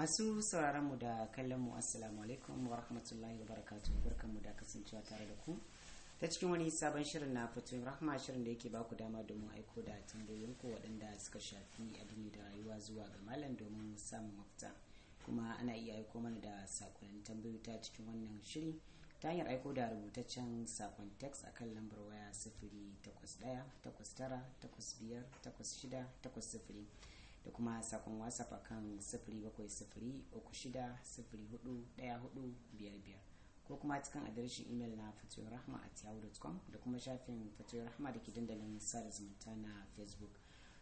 masu sauraron mu da kallon mu assalamu alaikum wa rahmatullahi wa barakatuh mu da kasancewa tare da ku ta cikin wani sabon shirin na fito rahma shirin da yake ba ku dama domin aiko da tambayoyin ku waɗanda suka shafi addini da rayuwa zuwa ga malam domin samun mafita kuma ana iya aiko mana da sakonnin tambayoyi ta cikin wannan shiri ta hanyar aiko da rubutaccen sakon text akan lambar waya sifiri takwas ɗaya takwas tara takwas biyar takwas shida takwas sifiri da kuma sakon whatsapp akan biyar ko kuma cikin adireshin imel na fatoyarahma at yahoo.com da kuma shafin fatoyarahma da ke dandalin sada zumunta na facebook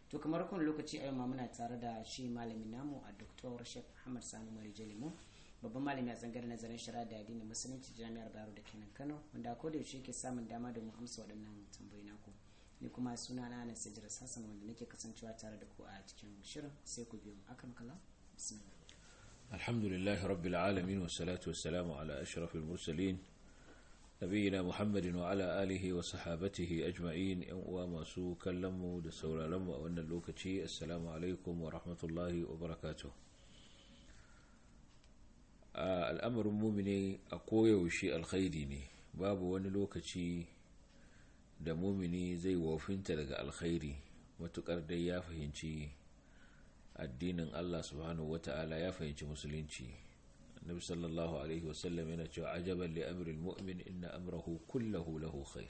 to kamar kun lokaci a yau ma muna tare da shi malamin namu a dr shek muhammad sani marijalimo babban malami a tsangar nazarin shara da addinin musulunci jami'ar baro da kenan kano wanda ko da yaushe yake samun dama domin amsa waɗannan tambayi naku ni kuma suna na sajar sassan wanda nake kasancewa tare da ku a cikin shirin sai ku biyo akan kala alhamdulillahi rabbil alamin wassalatu salamu ala ashrafil mursalin nabiyina muhammadin wa ala alihi wa sahabatihi ajma'in yan uwa masu kallon mu da sauraron mu a wannan lokaci assalamu alaikum wa rahmatullahi wa barakatuh al'amarin mumini a koyaushe alkhairi ne babu wani lokaci da mumini zai wofinta daga alkhairi matukar dai ya fahimci addinin Allah subhanahu wata'ala ya fahimci musulunci annabi sallallahu alaihi wasallam yana cewa ajaban li amri almu'min inna amrahu kullahu lahu khair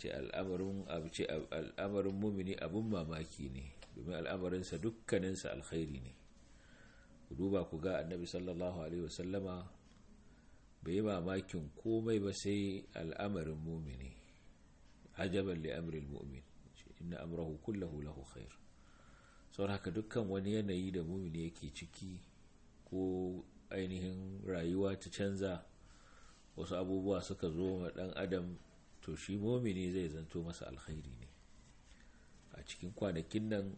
ce al'amarin abu ce al'amarin mumini abun mamaki ne domin al'amarin sa dukkanin sa alkhairi ne ku duba ku ga annabi sallallahu alaihi wasallama bai mamakin komai ba sai al'amarin mumini ajaban li amril mu'min inna amrahu kullahu lahu khair saboda haka dukkan wani yanayi da mumini yake ciki ko ainihin rayuwa ta canza wasu abubuwa suka zo ma dan adam to shi mumini zai zanto masa alkhairi ne a cikin kwanakin nan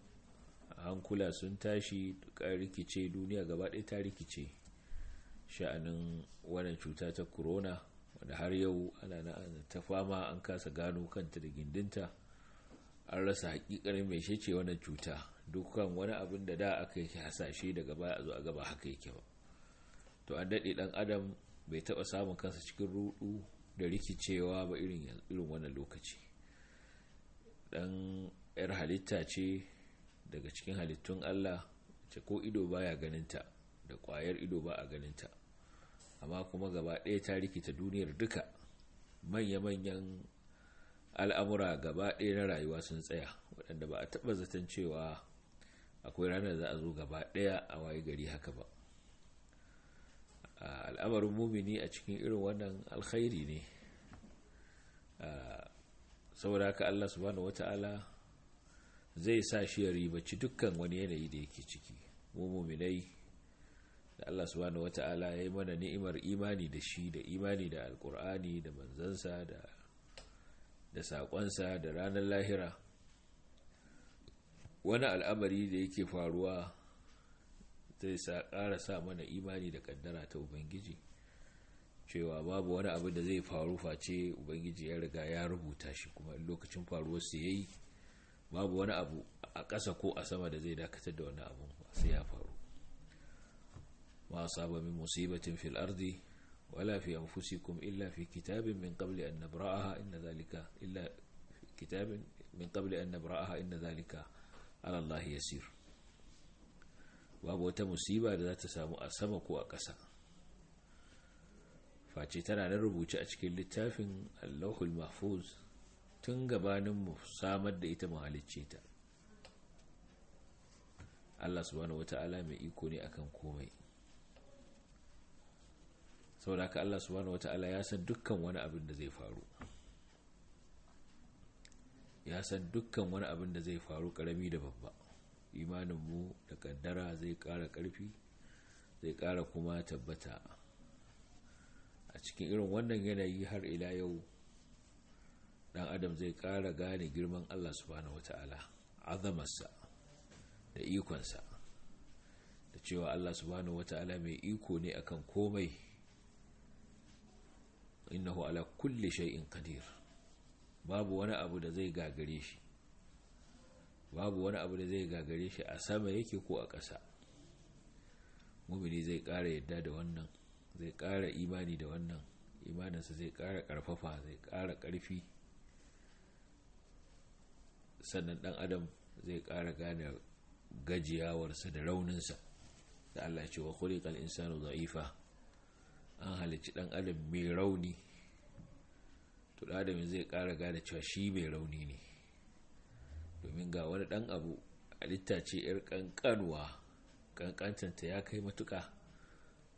hankula sun tashi rikice duniya gaba ɗaya ta rikice sha'anin wannan cuta ta corona wanda har yau ana na ta fama an kasa gano kanta da gindinta an rasa hakikar mai shece wannan cuta dukkan wani abin da da aka yi hasashe daga baya a zo a gaba haka yake ba to an daɗe ɗan adam bai taɓa samun kansa cikin rudu da rikicewa ba irin wannan lokaci ɗan yar halitta ce daga cikin halittun allah ce ko ido baya ganinta da kwayar ido ba a ganinta amma kuma gaba ɗaya ta rikita duniyar duka manya-manyan al'amura gaba ɗaya na rayuwa sun tsaya waɗanda ba a taɓa zaton cewa akwai ranar za a zo gaba ɗaya a waye gari haka ba al'amarin mumini a cikin irin wannan alkhairi ne saboda haka allah subhanahu wata'ala zai sa shi ya ribaci dukkan wani yanayi da yake ciki mu muminai da Allah subhanahu wata'ala ya yi mana ni'imar imani da shi da imani da alkur'ani da manzansa da saƙonsa da ranar lahira wani al'amari da yake faruwa zai ƙara sa mana imani da ƙaddara ta ubangiji cewa babu wani abu da zai faru face ubangiji ya riga ya rubuta shi kuma lokacin faruwar su yi babu wani abu a ƙasa ko a sama da zai dakatar da wani abu sai ya faru ما أصاب من مصيبة في الأرض ولا في أنفسكم إلا في كتاب من قبل أن نبرأها إن ذلك إلا في babu wata musiba da za ta samu a sama ko a ƙasa face tana nan rubuce a cikin littafin allahul mahfuz tun gabaninmu samar da ita mu halicce allah subhanahu wata'ala mai iko ne akan komai saboda haka Allah subhanahu wata'ala ya san dukkan wani abin da zai faru ya san dukkan wani abin da zai faru karami da babba imanin mu da kaddara zai ƙara karfi zai ƙara kuma tabbata a cikin irin wannan yanayi har ila yau dan adam zai ƙara gane girman Allah subhanahu wata'ala azamarsa da ikonsa da cewa Allah subhanahu wata'ala mai iko ne akan komai innahu ala kulli shay'in qadir babu wani abu da zai gagare shi babu wani abu da zai gagare shi a sama yake ko a ƙasa mumini zai ƙara yadda da wannan zai ƙara imani da wannan imaninsa zai ƙara ƙarfafa zai ƙara ƙarfi sannan ɗan adam zai ƙara gane gajiyawarsa da rauninsa da Allah ce wa khuliqal insanu za'ifa an halicci ɗan adam mai rauni to da zai kara gane cewa shi mai rauni ne domin ga wani dan abu a littace yar kankanwa kankantanta ya kai matuka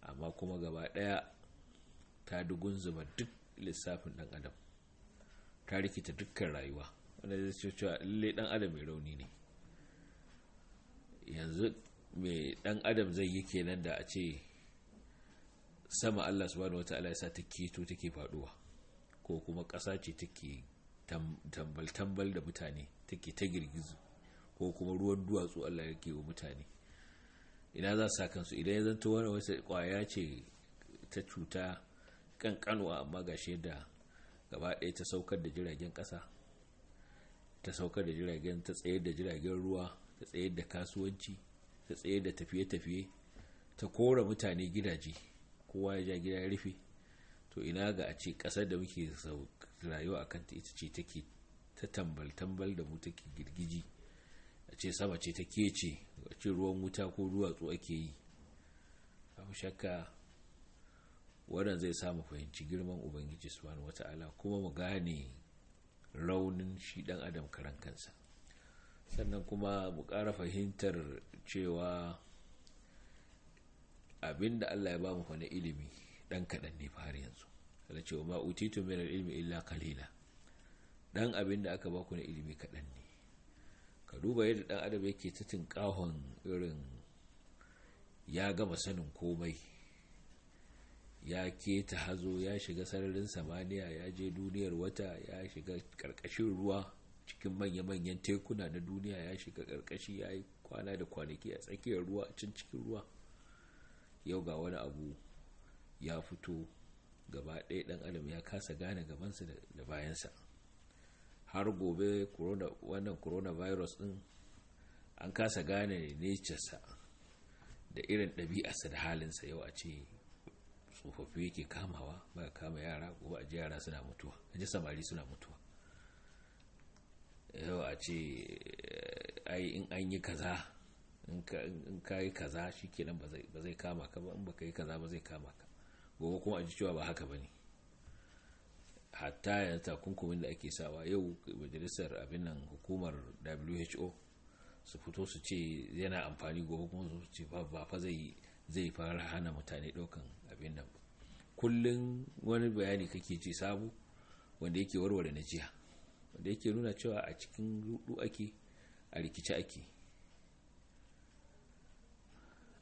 amma kuma gaba daya ta dugun zuba duk lissafin dan adam ta rikita dukkan rayuwa wanda zai ce cewa lalle dan adam mai rauni ne yanzu mai dan adam zai yi kenan da a ce sama Allah subhanahu wataala ya sa ta keto take faduwa ko kuma ƙasa ce take tambal-tambal da mutane take ta girgizu ko kuma ruwan duwatsu Allah ya wa mutane ina za su kansu idan ya zanto wani wasu kwaya ce ta cuta kankanwa amma ga da gaba ɗaya ta saukar da jiragen ƙasa ta saukar da jiragen ta tsayar da jiragen ruwa ta tsayar da kasuwanci ta tsayar da tafiye-tafiye ta kora mutane gidaje kowa ya ja gida ya rufe to ina ga a ce ƙasar da muke rayuwa a kanta ita ce take ta tambal-tambal da mu take girgiji a ce sama ce ta kece a ce ruwan wuta ko duwatsu ake yi abu shakka wannan zai samu fahimci girman ubangiji subhanahu wata'ala kuma mu gane raunin shi dan adam karan kansa sannan kuma mu kara fahimtar cewa abinda Allah ya ba mu ilimi dan kaɗan ne fa har yanzu kada ce ma utitu min ilmi illa kalila dan abin da aka ba ku na ilimi kaɗan ne ka duba yadda dan adam yake ta tinkahon irin ya gama sanin komai ya ke ta hazo ya shiga sararin samaniya ya je duniyar wata ya shiga karkashin ruwa cikin manya-manyan tekuna na duniya ya shiga karkashi ya yi kwana da kwanaki a tsakiyar ruwa a cikin ruwa yau ga wani abu ya fito gaba ɗaya ɗan adam ya kasa gane gabansa da bayansa har gobe wannan coronavirus ɗin an kasa gane sa da irin ɗabi'arsa da halinsa yau a ce tsofaffi yake kamawa ba kama yara gobe a ji yara suna mutuwa a ji samari suna mutuwa yau a ce eh, ai in an yi kaza in ka yi kaza shi kenan ba zai kama ka ba in ba ka yi kaza ba zai kama ka gobe kuma a ji cewa ba haka ba ne hatta ya takunkumin da ake sawa yau majalisar abin nan hukumar who su fito su ce yana amfani gobe kuma su ce ba fa zai zai fara hana mutane daukan abin nan kullum wani bayani kake ce sabu wanda yake warware na jiya wanda yake nuna cewa a cikin rudu ake a rikice ake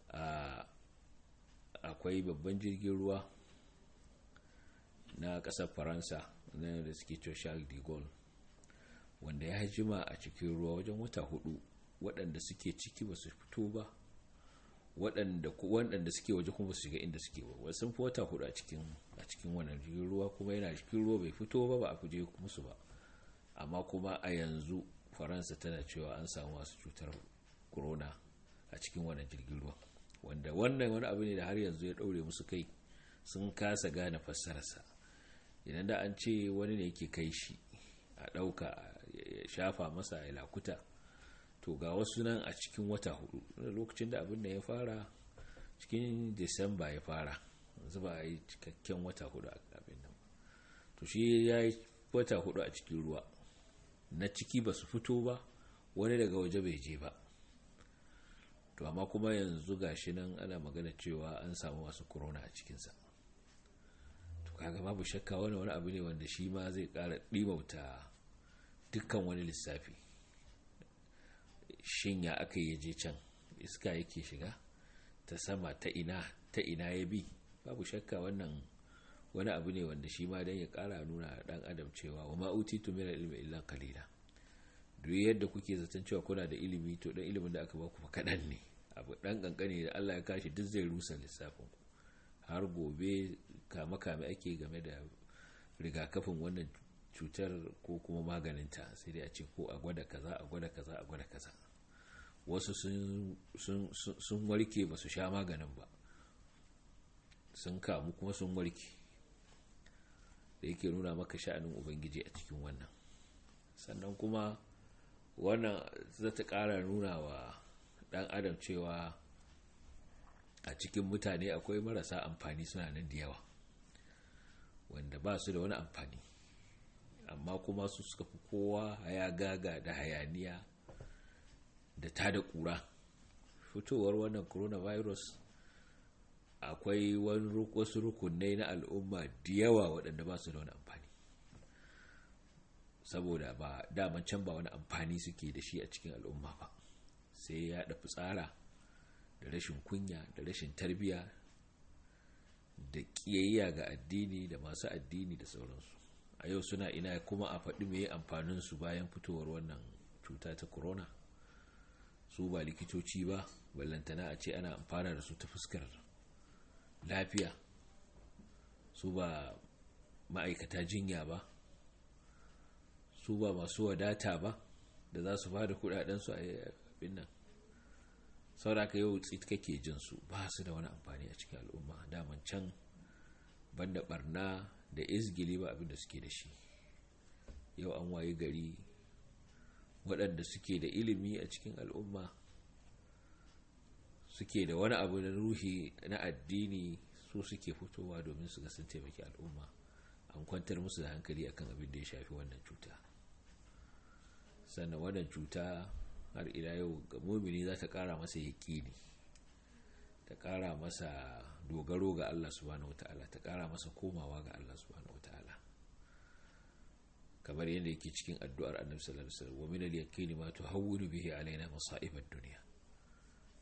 a ah, akwai babban jirgin ruwa na kasar faransa na da suke cewa charles de gaulle wanda ya jima a cikin ruwa wajen wata hudu waɗanda suke ciki ba su fito ba waɗanda suke waje kuma su shiga inda suke ba sun fi wata hudu a cikin wannan jirgin ruwa kuma yana cikin ruwa bai fito ba ba a kuje musu ba amma kuma a yanzu faransa tana cewa an samu masu cutar corona a cikin wannan jirgin ruwa wanda wannan wani abu ne da har yanzu ya ɗaure musu kai sun kasa gane fassararsa idan da an ce wani ne yake kai shi a ɗauka ya shafa masa ya lakuta to ga wasu nan a cikin wata hudu lokacin da abin da ya fara cikin disamba ya fara yanzu ba a yi cikakken wata hudu a abin nan to shi ya yi wata hudu a cikin ruwa na ciki ba su fito ba wani daga waje bai je ba to amma kuma yanzu gashi nan ana magana cewa an samu masu corona a cikinsa to kaga babu shakka wani wani abu ne wanda shi ma zai kara ɗimauta dukkan wani lissafi shin ya aka yi je can iska yake shiga ta sama ta ina ta ina ya bi babu shakka wannan wani abu ne wanda shi ma dan ya kara nuna dan adam cewa wa ma'utitu min ilmi illa qalila duk yadda kuke zaton cewa kuna da ilimi to dan ilimin da aka ba ku kadan ne abu ɗan ƙanƙani da allah ya kashi duk zai rusa lissafin har gobe kame-kame ake game da rigakafin wannan cutar ko kuma maganinta sai dai a ce ko a gwada kaza a gwada kaza a gwada kaza wasu sun warke ba su sha maganin ba sun kamu kuma sun warke da yake nuna maka sha'anin ubangiji a cikin wannan sannan kuma wannan zata ƙara nuna wa dan adam cewa a cikin mutane akwai marasa amfani suna nan da yawa wanda ba su da wani amfani amma kuma su suka fi kowa ya gaga da hayaniya da ta da kura fitowar wannan coronavirus akwai wasu rukunai na al'umma da yawa waɗanda ba su da wani amfani saboda ba daman can ba wani amfani suke da shi a cikin al'umma ba sai ya da fitsara da rashin kunya da rashin tarbiya da kiyayya ga addini da masu addini da sauransu a yau suna ina kuma a faɗi mai amfanin su bayan fitowar wannan cuta ta corona su ba likitoci ba ballantana a ce ana amfana da su ta fuskar lafiya su ba ma'aikata jinya ba su ba masu wadata ba da za su ba da kudadensu a sababbin nan sauraka yau tsit kake jin su ba su da wani amfani a cikin al'umma daman can banda barna da izgili ba abin da suke da shi yau an waye gari waɗanda suke da ilimi a cikin al'umma suke da wani abu na ruhi na addini su suke fitowa domin su ga sun taimaki al'umma an kwantar musu da hankali akan abin da ya shafi wannan cuta sannan wannan cuta har ila yau ga mumini za ta kara masa yaƙini ta kara masa dogaro ga Allah subhanahu wata'ala ta kara masa komawa ga Allah subhanahu wata'ala kamar yadda yake cikin addu'ar annabi sallallahu wa wasallam yaƙini ma ta hau ma tuhawwinu alaina masa'ib ad duniya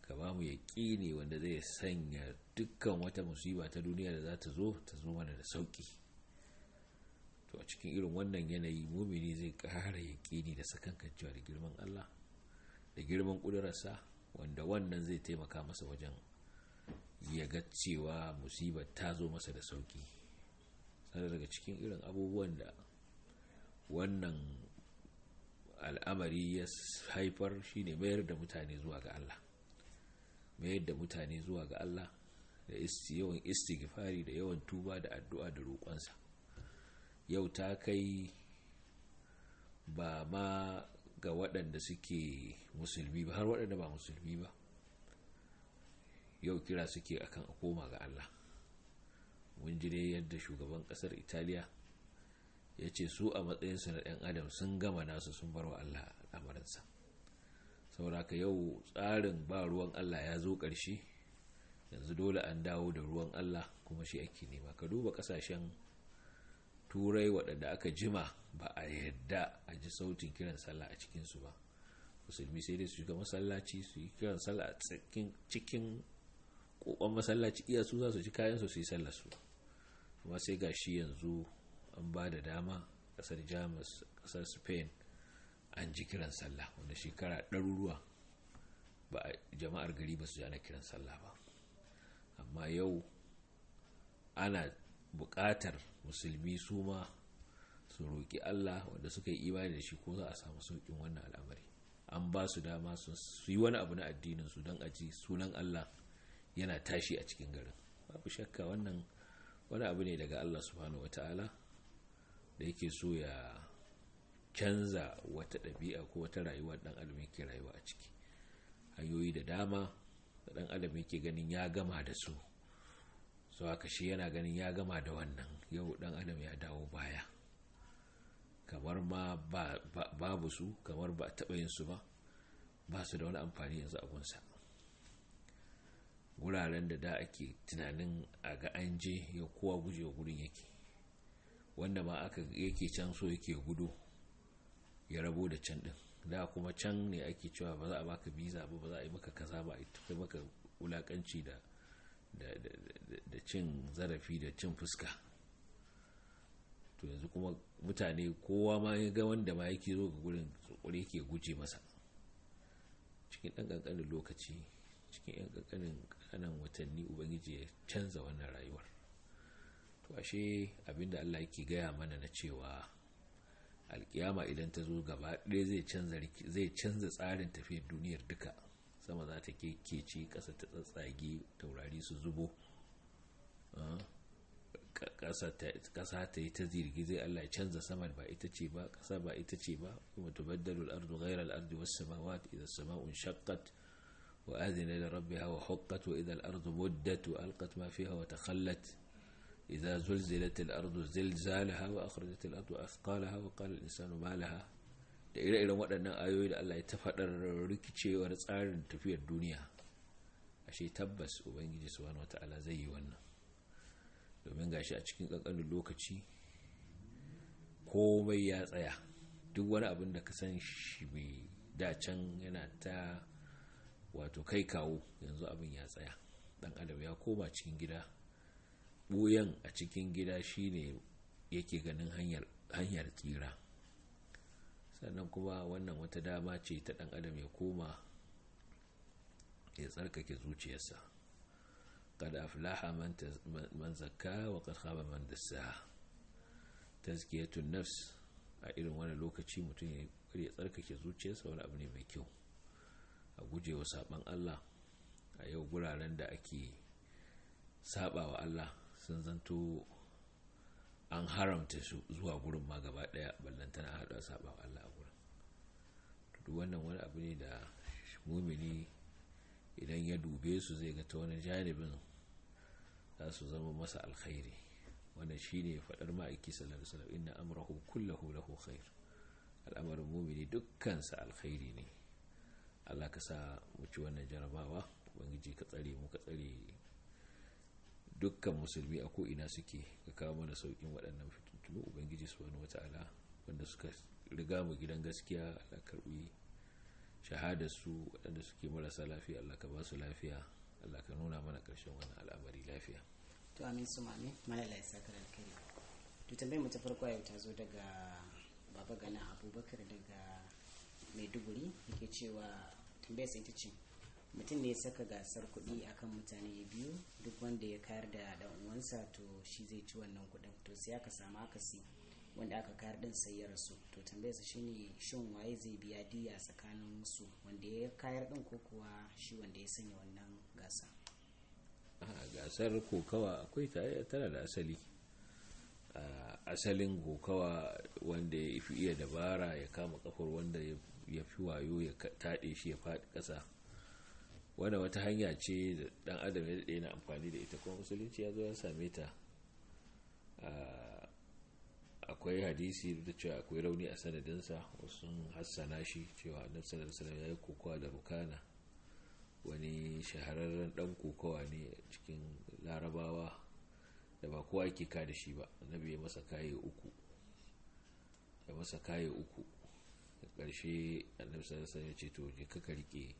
ka ba mu yaƙini wanda zai sanya dukkan wata musiba ta duniya da za ta zo ta zo mana da sauƙi to a cikin irin wannan yanayi mumini zai ƙara yaƙini da sakankan cewa da girman Allah da girman kudurarsa wanda wannan zai taimaka masa wajen ya ga cewa musibar ta zo masa da sauki sannan daga cikin irin abubuwan da wannan al'amari ya haifar shine mayar da mutane zuwa ga Allah mayar da mutane zuwa ga Allah da yawan istighfari da yawan tuba da addu'a da roƙonsa yau ta kai ba ma ga waɗanda suke musulmi ba har waɗanda ba musulmi ba yau kira suke akan a koma ga Allah mun ji dai yadda shugaban ƙasar italiya ya ce su a matsayinsu na ɗan adam sun gama nasu sun bar wa Allah al'amarinsa sauraka yau tsarin ba ruwan Allah ya zo ƙarshe yanzu dole an dawo da ruwan Allah kuma shi ake nema ka duba ƙasashen turai waɗanda aka jima ba a yadda a ji sautin kiran sallah a cikinsu ba musulmi sai dai su shiga masallaci su yi kiran sallah a cikin kokon masallaci iya su za su ci kayan su su yi sallah su amma sai ga shi yanzu an ba da dama kasar jamus kasar spain an ji kiran sallah wanda shekara ɗaruruwa ba jama'ar gari ba su jana kiran sallah ba amma yau ana buƙatar musulmi su ma su roƙi Allah wanda suka yi imani da shi ko za a samu sauƙin wannan al'amari an ba su dama su yi wani abu na addinin su don a ji sunan Allah yana tashi a cikin garin babu shakka wannan wani abu ne daga Allah subhanahu wata'ala da yake so ya canza wata ɗabi'a ko wata rayuwa ɗan adam yake rayuwa a ciki hanyoyi da dama da ɗan adam yake ganin ya gama da su so haka shi yana ganin ya gama da wannan yau dan adam ya dawo baya kamar ma babu su kamar ba a taɓa yin su ba ba su da wani amfani yanzu a gunsa wuraren da da ake tunanin a ga an je ya kowa guje wa gurin yake wanda ma aka yake can so yake gudu ya rabo da can din da kuma can ne ake cewa ba za a baka biza ba ba za a yi maka kaza ba a yi maka wulakanci da da cin zarafi da cin fuska to yanzu kuma mutane kowa ma ya ga wanda ma yake zo ga gurin tsokuri yake guje masa cikin ɗan ƙanƙanin lokaci cikin ɗan ƙanƙanin ƙanan watanni ubangiji ya canza wannan rayuwar to ashe abinda allah yake gaya mana na cewa alkiyama idan ta zo gaba ɗaya zai canza tsarin tafiyar duniyar duka sama za ta kekece kasa ta tsatsage taurari su zubo kasa ta yi ta zirgize Allah ya canza saman ba ita ce ba kasa ba ita ce ba kuma tubaddalu al-ardu ghayra al-ardi was samawati idha as-sama'u shaqqat wa azina li rabbiha wa huqqat wa idha al-ardu muddat wa alqat ma fiha wa takhallat idha zulzilat al-ardu zilzalaha wa akhrajat al-ardu athqalaha wa qala al-insanu ma laha da ire-iren waɗannan ayoyi da Allah ya ta faɗar rikicewar tsarin tafiyar duniya ashe tabbas ubangiji wata wata'ala zai yi wannan domin gashi a cikin ƙanƙanin lokaci komai ya tsaya duk wani abin da ka san shi mai dacen yana ta wato kai kawo yanzu abin ya tsaya ɗan adam ya koma cikin gida buyan a cikin gida shine yake ganin hanyar tsira sannan kuma wannan wata dama ce ta dan adam ya koma ya tsarkake zuciyarsa kada aflaha man zakka wa kad khaba man dassaha tazkiyatun nafs a irin wani lokaci mutum ya ya tsarkake zuciyarsa wani abu ne mai kyau a gujewa saban Allah a yau guraren da ake saba Allah sun zanto an haramta su zuwa gurin ma gaba daya ballantana hada haɗa Allah wannan wani abu ne da mumini idan ya dube su zai ga ta wani janibin za su zama masa alkhairi wannan ne faɗar ma'aiki sallallahu alaihi wasallam inna amrahu kullahu lahu khair al'amarin mumini dukkansa alkhairi ne Allah ka sa mu ci wannan jarabawa ubangiji ka tsare mu ka tsare dukkan musulmi a ko'ina suke ka kawo mana saukin waɗannan fitintunu ubangiji su wani wata'ala wanda suka riga mu gidan gaskiya Allah karbi shahadar su waɗanda suke marasa lafiya Allah ka ba su lafiya Allah ka nuna mana ƙarshen wannan al'amari lafiya to amin su mami malala isa karar alkari to tambayar mu ta farko yau ta zo daga baba gana abubakar daga maiduguri yake cewa tambayar sai ta ce mutum ne ya saka gasar kuɗi akan mutane biyu duk wanda ya kayar da ɗan uwansa to shi zai ci wannan kuɗin to sai aka samu akasi wanda aka kayar din sai ya rasu to tambayarsa shine shin waye zai biya diya tsakanin su wanda ya kayar din ko kuwa shi wanda ya sanya wannan gasa a gasar kokawa akwai tana da asali asalin kokawa wanda ya fi iya dabara ya kama kafar wanda ya fi wayo ya taɗe shi ya faɗi ƙasa wanda wata hanya ce da ɗan adam ya daɗe na amfani da ita kuma musulunci ya zo ya same ta akwai hadisi da cewa akwai rauni a sanadinsa wasu hassana shi cewa na sallallahu ya yi kokowa da rukana wani shahararren dan kokowa ne cikin larabawa da ba kowa ke ka da shi ba annabi ya masa kaye uku ya masa kaye uku da ƙarshe annabi sallallahu ya ce to je ka rike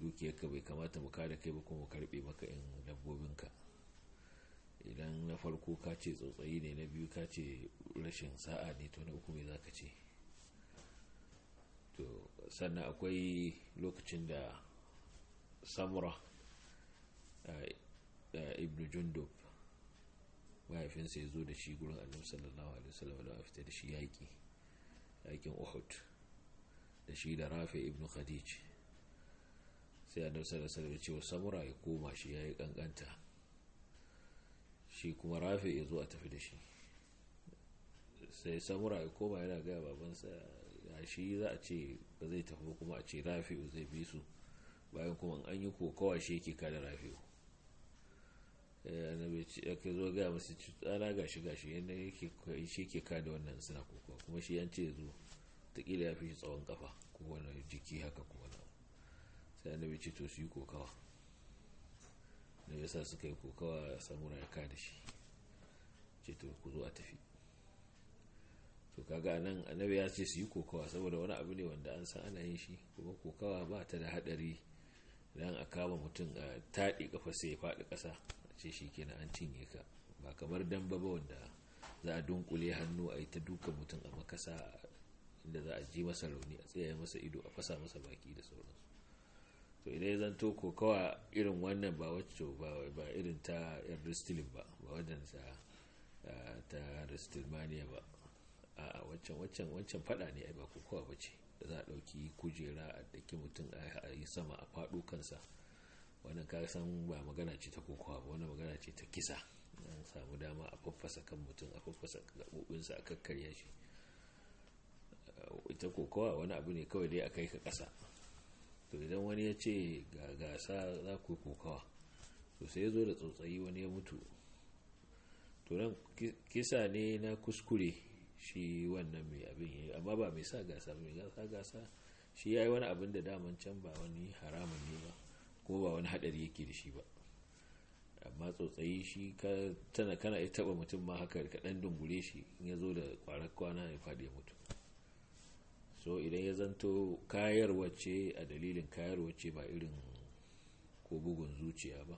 dukiyarka bai kamata mu kada kai ba kuma karbe maka in dabbobinka idan na farko ka ce tsotsayi ne na biyu ka ce rashin sa'a ne to na uku mai za ce to sannan akwai lokacin da samura ibn jundub mahaifinsa ya zo da shi gurin annabi sallallahu alaihi wasallam da fita da shi yaƙi yaƙin uhud da shi da rafi ibn khadij sai annabi sallallahu alaihi wasallam ya ce wa samura ya koma shi ya yi kankanta shi kuma rafi ya zo a tafi da shi sai samura ya koma yana gaya babansa a shi za a ce ba zai tafi kuma a ce rafi'u zai bi su bayan kuma an yi kokawa shi yake kada rafi'u eh, ya ke zo gaya masu tsana gashi gashi yadda shi ke kada wannan suna kokowa kuma shi yan ce zo takila ya fi shi tsawon kafa ko wani jiki haka ko wani sai annabi ce to su yi kokawa da yasa suka yi kokawa samura ya kada shi ce to ku zo a tafi to kaga nan annabi ya ce su yi kokawa saboda wani abu ne wanda an san ana yin shi kuma kokawa ba ta da hadari dan a kama mutum a taɗi kafa sai ya faɗi ƙasa a ce shi kenan an cinye ka ba kamar damba ba wanda za a dunkule hannu a yi ta duka mutum a makasa inda za a ji masa rauni a tsaye masa ido a fasa masa baki da sauransu to idan ya zanto ko kawa irin wannan ba wacce ba irin ta yan ristilin ba ba wajensa ta ristilmaniya ba a waccan waccan waccan fada ne ai ba ko ba ce da za a ɗauki kujera a daki mutum a yi sama a fado kansa wannan ka san ba magana ce ta kokowa ba wannan magana ce ta kisa an samu dama a faffasa kan mutum a faffasa gaɓoɓinsa a kakkarya shi ita kokowa wani abu ne kawai dai a kai ka ƙasa to idan wani ya ce ga gasa za ku yi kokawa to sai ya zo da tsotsayi wani ya mutu to nan kisa ne na kuskure shi wannan mai abin yi amma ba mai sa gasa mai gasa gasa shi ya yi wani abin da daman can ba wani haramun ne ba ko ba wani haɗari yake da shi ba amma tsotsayi shi kana ya taɓa mutum ma haka da ɗan dungure shi in ya zo da kwarar kwana ya faɗi ya mutu so idan ya zanto kayarwa ce a dalilin kayar ce ba irin ko bugun zuciya ba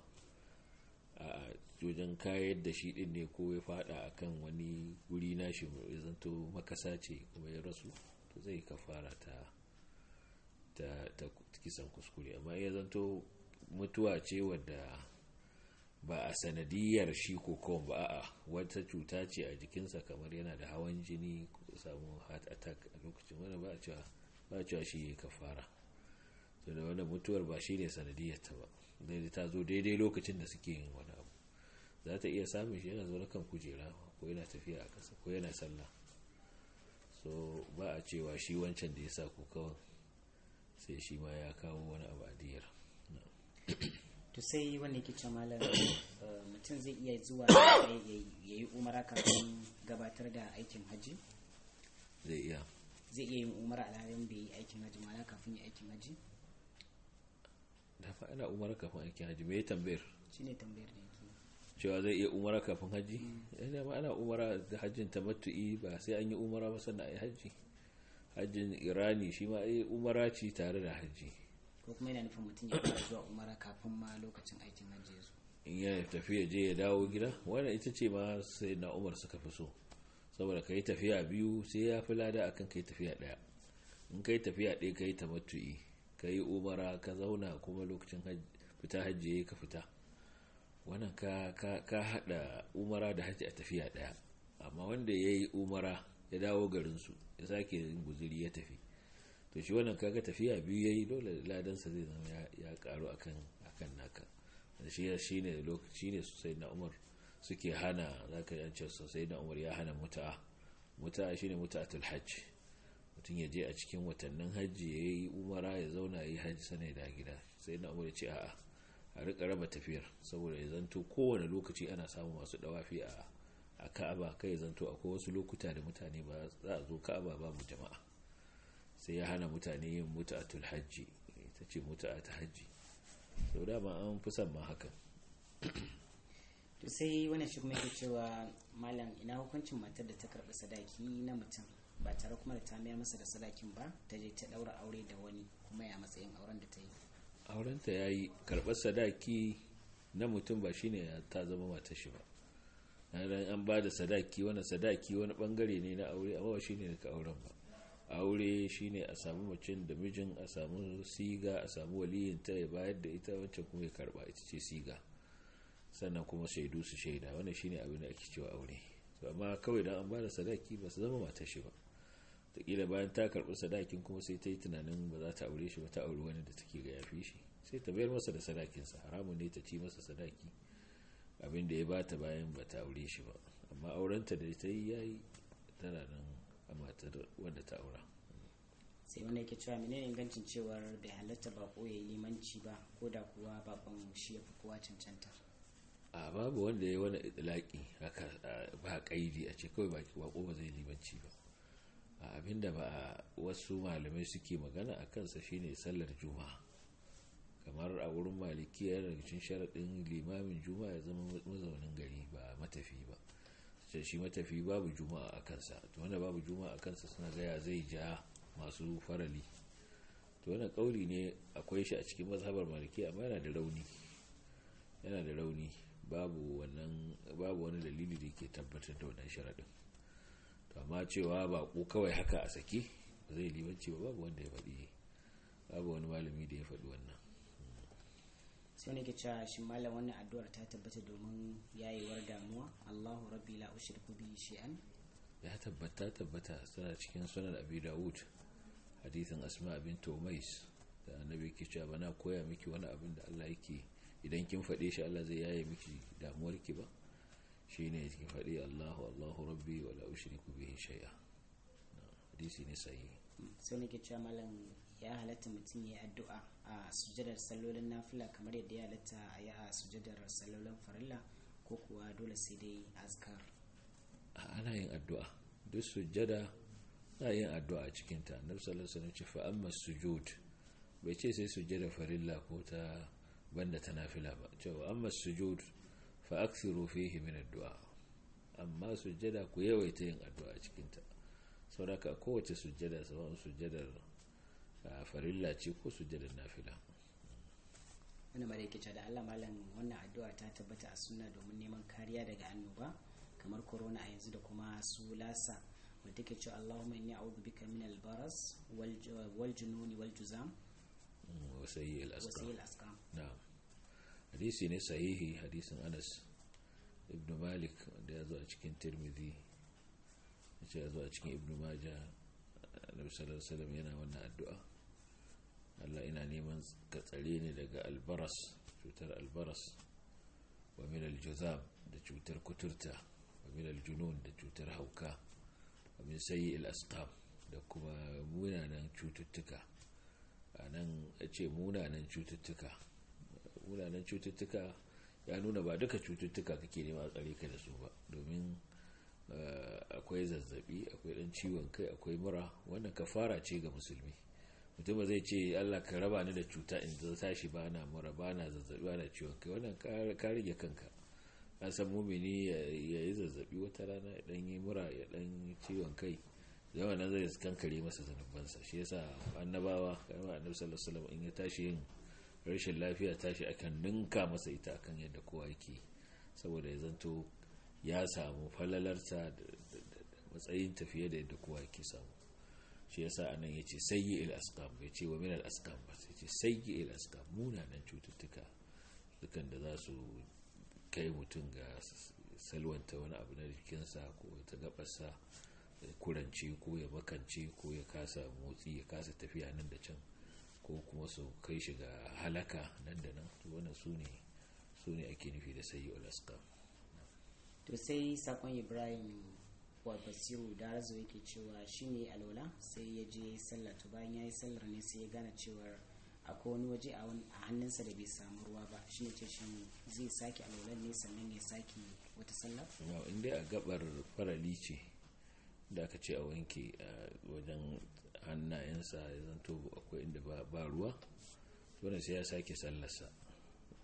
a wajen kayar da shi din ne ko ya fada a kan wani wuri nashi ya zanto makasa ce kuma ya rasu to zai kafara ta ta kisan kuskure amma ya zanto mutuwa ce wadda ba a sanadiyar shi kokon ba a wata cuta ce a jikinsa kamar yana da hawan jini samu heart attack a lokacin wani ba a cewa shi ya kafara to da wani mutuwar ba shi ne sanadiyar ta ba daidai ta zo daidai lokacin da suke yin wani abu za ta iya samun shi yana zaune kan kujera ko yana tafiya a ƙasa ko yana sallah so ba a cewa shi wancan da ya sa ku kawai sai shi ma ya kawo wani abu a diyar to sai wanda yake ce malar eh, mutum zai iya zuwa ya yi umara kafin gabatar da aikin hajji zai iya zai iya yin umara alhalin da yi aikin hajji ma'ana kafin yi aikin hajji da fa ana umara kafin aikin hajji me tambayar shi ne tambayar da yake cewa zai iya umara kafin hajji yana mm. eh, ma ana umara da hajjin tamattu'i ba sai an yi umara ba sannan a yi hajji hajjin irani shi ma yi umara ce tare da hajji ko kuma yana nufin mutum ya fara zuwa umara kafin ma lokacin aikin hajji ya zo in ya tafi ya je ya dawo gida wannan ita ce ma sai na umar suka fi so saboda ka yi tafiya biyu sai ya fi lada akan ka yi tafiya ɗaya in ka yi tafiya ɗaya ka yi ta matu’i ka yi umara ka zauna kuma lokacin fita hajji ka fita wannan ka, haɗa umara da hajji a tafiya ɗaya amma wanda ya yi umara ya dawo garinsu ya sake yin guziri ya tafi to shi wannan kaga tafiya biyu ya yi dole ladansa zai zama ya, karu akan akan naka shi ne ne sosai na umar suke hana za ka yance sosai da umar ya hana muta'a muta'a shine muta'atul hajji mutum ya je a cikin watannin hajji ya yi umara ya zauna ya yi hajji sanai da gida sai na umar ya ce a'a a rika raba tafiyar saboda ya zanto kowane lokaci ana samun masu dawafi a a ka'aba kai zanto akwai wasu lokuta da mutane ba za a zo ka'aba babu jama'a sai ya hana mutane yin muta'atul hajji ita ce muta'a ta hajji sau dama an fi san ma hakan to sai wani shi kuma yake cewa malam ina hukuncin matar da ta karɓi sadaki na mutum ba tare kuma da ta mayar masa da sadakin ba ta je ta ɗaura aure da wani kuma ya matsayin auren da ta yi auren ta yayi karɓar sadaki na mutum ba shine ta zama matar shi ba an ba da sadaki wani sadaki wani bangare ne na aure amma ba shine ka auren ba aure shine a samu macin da mijin a samu siga a samu waliyin ta ya bayar da ita wancan kuma ya karba ita ce siga sannan kuma shaidu su shaida wannan shine abin da ake cewa aure to amma kawai dan an ba da sadaki ba su zama matar shi ba ta takila bayan ta karɓi sadakin kuma sai ta yi tunanin ba za ta aure shi ba ta auri wani da take ga yafi shi sai ta bayar masa da sadakin sa haramun ne ta ci masa sadaki abin da ya bata bayan ba ta aure shi ba amma aurenta da ta yi yayi tana nan a matar wanda ta aura sai wanda yake cewa menene ingancin cewar bai halatta bako ya yi limanci ba ko da kuwa bakon shi ya fi kowa cancanta a babu wanda ya yi wani itilaki haka ba kaidi a ce kawai baki bako ba zai limanci ba a abinda ba wasu malamai suke magana a kansa shine sallar juma'a kamar a wurin maliki yana daga sharaɗin limamin juma'a ya zama mazaunin gari ba matafi ba sai shi matafi babu juma'a a kansa to wanda babu juma'a a kansa suna gaya zai ja masu farali to wannan kauli ne akwai shi a cikin mazhabar maliki amma yana da rauni yana da rauni babu wani dalili da ke tabbatar da wannan sharaɗin to amma cewa ba ko kawai haka a sake zai libanci ba babu wanda ya faɗi babu wani malami da ya faɗi wannan sai ke cewa shi malam wannan addu'ar ta tabbata domin yayewar damuwa Allahu rabbi la ushriku bi shay'an ya tabbata tabbata tana cikin sunan Abi Dawud hadithin Asma bint Umais da annabi ke cewa bana koya miki wani abin da Allah yake idan kin faɗe shi Allah zai yaye miki ki ba shine ki faɗi Allahu Allahu Rabbi wa la ushriku bihi shay'a hadisi ne sai sai nake cewa malam ya halatta mutum ya addu'a a sujadar sallolin nafila kamar yadda ya halatta a yi a sujadar sallolin farilla ko kuwa dole sai dai azkar ana yin addu'a duk sujada na yin addu'a a cikinta annabi sallallahu alaihi wasallam ce fa amma sujud bai ce sai sujada farilla ko ta banda ta nafila ba cewa amma sujud fa aksiru fihi min addu'a amma sujjada ku yawaita yin addu'a a cikin ta saboda kowace sujjada sawan sujjadar farilla ce ko sujjadar nafila wani mara da Allah malam wannan addu'a ta tabbata a suna domin neman kariya daga annoba kamar corona a yanzu da kuma su lasa wa ke cewa Allahumma inni a'udhu bika min al-baras wal junun wal juzam mm, sayyi al-asqam na hadisi ne sahihi hadisin anas ibn malik da ya zo a cikin tirmidhi ya ya zo a cikin ibn maja annabi sallallahu alaihi yana wannan addu'a Allah ina neman ka tsare ni daga albaras cutar albaras wa min da cutar kuturta wa min aljunun da cutar hauka wa min sayyi'il asqam da kuma munanan cututtuka anan ce munanan cututtuka munanan cututtuka ya nuna ba duka cututtuka kake nema a tsare ka da su ba domin eh, akwai zazzabi akwai dan ciwon kai akwai mura wannan fara ce ga musulmi mutum zai ce Allah ka raba ni da cuta in zan tashi ba na mura ba na zazzabi ba na ciwon kai wannan ka rage kanka an san mumini ya yi zazzabi wata rana ya dan yi mura ya dan ciwon kai yawan nan zai kankare masa zanubansa shi yasa annabawa kamar annabi sallallahu alaihi wasallam in ya tashi yin rashin lafiya tashi akan ninka masa ita kan yadda kowa yake saboda ya zanto ya samu falalarta da matsayin tafiye da yadda kowa yake samu shi yasa anan yace sayi il ya ce wa min al ba sai ce sayi il asqam munanan cututtuka dukan da za su kai mutum ga salwanta wani abu na jikinsa ko ta gabarsa kurance ko ya makance ko ya kasa motsi ya kasa tafiya nan da can ko kuma su kai shi ga halaka nan da nan to wannan su ne ake nufi da sayi alaska to sai sakon ibrahim wa basiru da arzo yake cewa shine alwala sai ya je sallah to bayan ya yi sallar ne sai ya gane cewa akwai wani waje a hannunsa da bai samu ruwa ba shi ne shi zai sake alwalan ne sannan ya sake wata sallar. in dai a gabar farali ce da aka ce a wanke wajen hannayensa ya zanto akwai inda ba ruwa dole sai ya sake sallarsa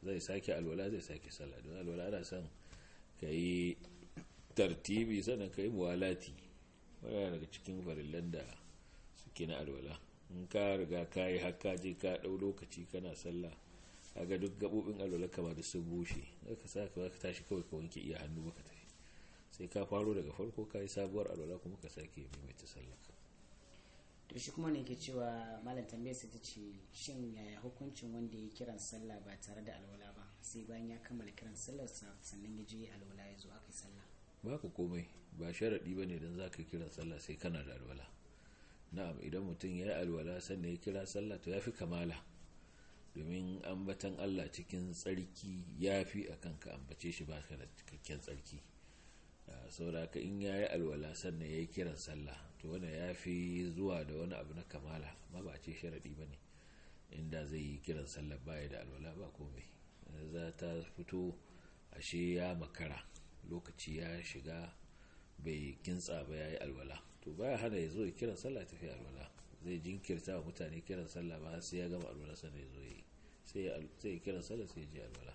zai sake alwala zai sake sallah don alwala ana son ka yi tartibi sannan ka yi muwalati wadda daga cikin farillan da suke na alwala in ka riga ka yi haka je ka ɗau lokaci kana sallah aga duk gabobin alwala kama da sun bushe ka sa ka zaka tashi kawai ka wanke iya hannu baka tafi sai ka faro daga farko ka yi sabuwar alwala kuma ka sake maimaita sallah to shi kuma ne ke cewa malam tambayar sa ta ce shin yaya hukuncin wanda ya kiran sallah ba tare da alwala ba sai bayan ya kammala kiran sallar sa sannan ya je alwala ya zo aka yi sallah baka komai ba sharaɗi ba ne don za ka kiran sallah sai kana da alwala na'am idan mutum ya yi alwala sannan ya kira sallah to ya fi kamala domin ambatan allah cikin tsarki ya fi a kanka ambace shi ba ka da cikakken tsarki Eh, saboda ka in ya yi alwala sannan ya yi kiran sallah to wannan ya fi zuwa da wani abu na kamala ma ba a ce sharaɗi ba ne inda zai yi kiran sallah ba ya da alwala ba komai eh, za ta fito ashe ya makara lokaci ya shiga bai kintsa ba ya yi alwala to baya hana ya zo ya kiran sallah tafi alwala zai jinkirta wa mutane kiran sallah ba sai ya gama alwala sannan ya zo ya yi sai ya kiran sallah sai ya je alwala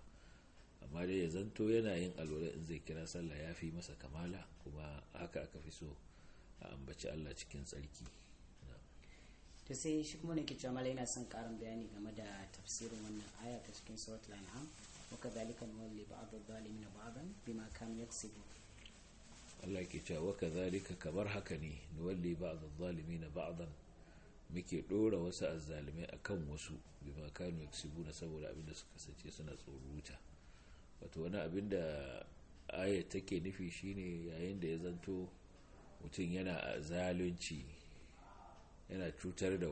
amma dai ya zanto yana yin alwala in zai kira sallah ya fi masa kamala kuma haka aka fi so a ambaci Allah cikin tsarki to sai shi kuma ne ke cewa yana son karin bayani game da tafsirin wannan aya ta cikin suratul an'am wa kadhalika nuwalli ba'd adh-dhalimin ba'dan bima kanu yaksibun Allah ke cewa wa kadhalika kamar haka ne nuwalli ba'd adh-dhalimin ba'dan muke dora wasu azzalimai akan wasu bima kanu yaksibuna saboda abin da suka sace suna tsoruta wato wani abin da ayat take nufi shine yayin da ya zanto mutum yana zalunci yana cutar da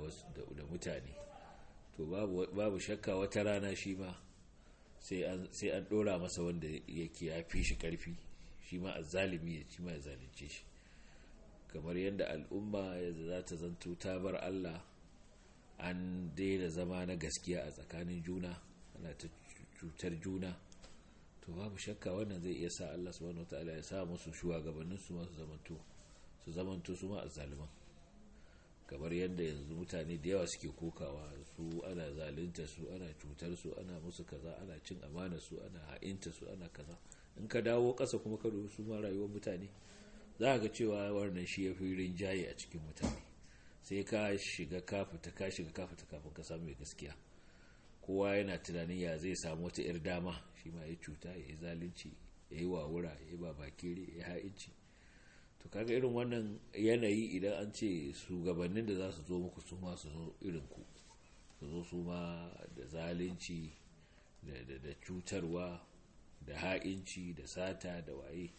mutane to babu shakka wata rana shi ma sai an dora masa wanda yake ya fi shi karfi shi ma a zalimi ya ci ma ya zalunce shi kamar yadda al'umma za ta zanto ta bar allah an daina zama na gaskiya a tsakanin juna ana ta cutar juna to babu shakka wannan zai iya sa Allah subhanahu wataala ya sa musu shugabannin su masu zamanto su zamanto su ma azzaliman kamar yadda yanzu mutane da yawa suke kokawa su ana zalunta su ana cutar su ana musu kaza ana cin amana su ana ha'inta su ana kaza in ka dawo ƙasa kuma ka su ma rayuwar mutane za ga cewa wannan shi ya fi rinjaye a cikin mutane sai ka shiga ka fita ka shiga ka fita kafin ka samu gaskiya kowa yana tunanin ya zai samu wata 'yar dama shi ma ya cuta ya yi zalunci ya yi wawura ya yi babakere ya ha'inci to kaga irin wannan yanayi idan an ce shugabannin da za su zo muku su ma su zo irin ku su zo su ma da zalunci da cutarwa da ha'inci da sata da waye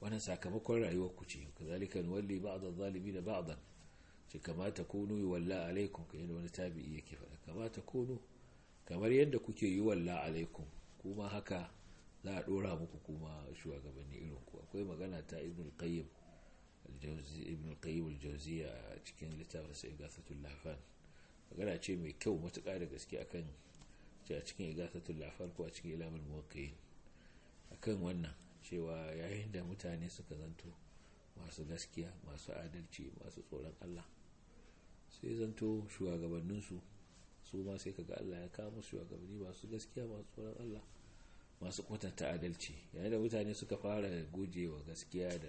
wannan sakamakon rayuwar ku ce kazalika walli ba'dhan zalimin ba'dhan ce kamata kunu walla alaikum kayan wani tabi'i yake faɗa kamata kunu kamar yadda kuke yi walla alaikum kuma haka za a dora muku kuma shugabanni irin ku akwai magana ta ibn qayyim qayyim al-jawziya a cikin littafin sa igathatul lafan magana ce mai kyau matuka da gaske akan ce a cikin igathatul lafan ko a cikin ilamul muwaqqi'in akan wannan cewa yayin da mutane suka zanto masu gaskiya masu adalci masu tsoron Allah sai zanto shugabanninsu su ma sai kaga Allah ya kawo musu shugabanni masu gaskiya masu tsoron Allah masu kwatanta adalci yayin da mutane suka fara gujewa gaskiya da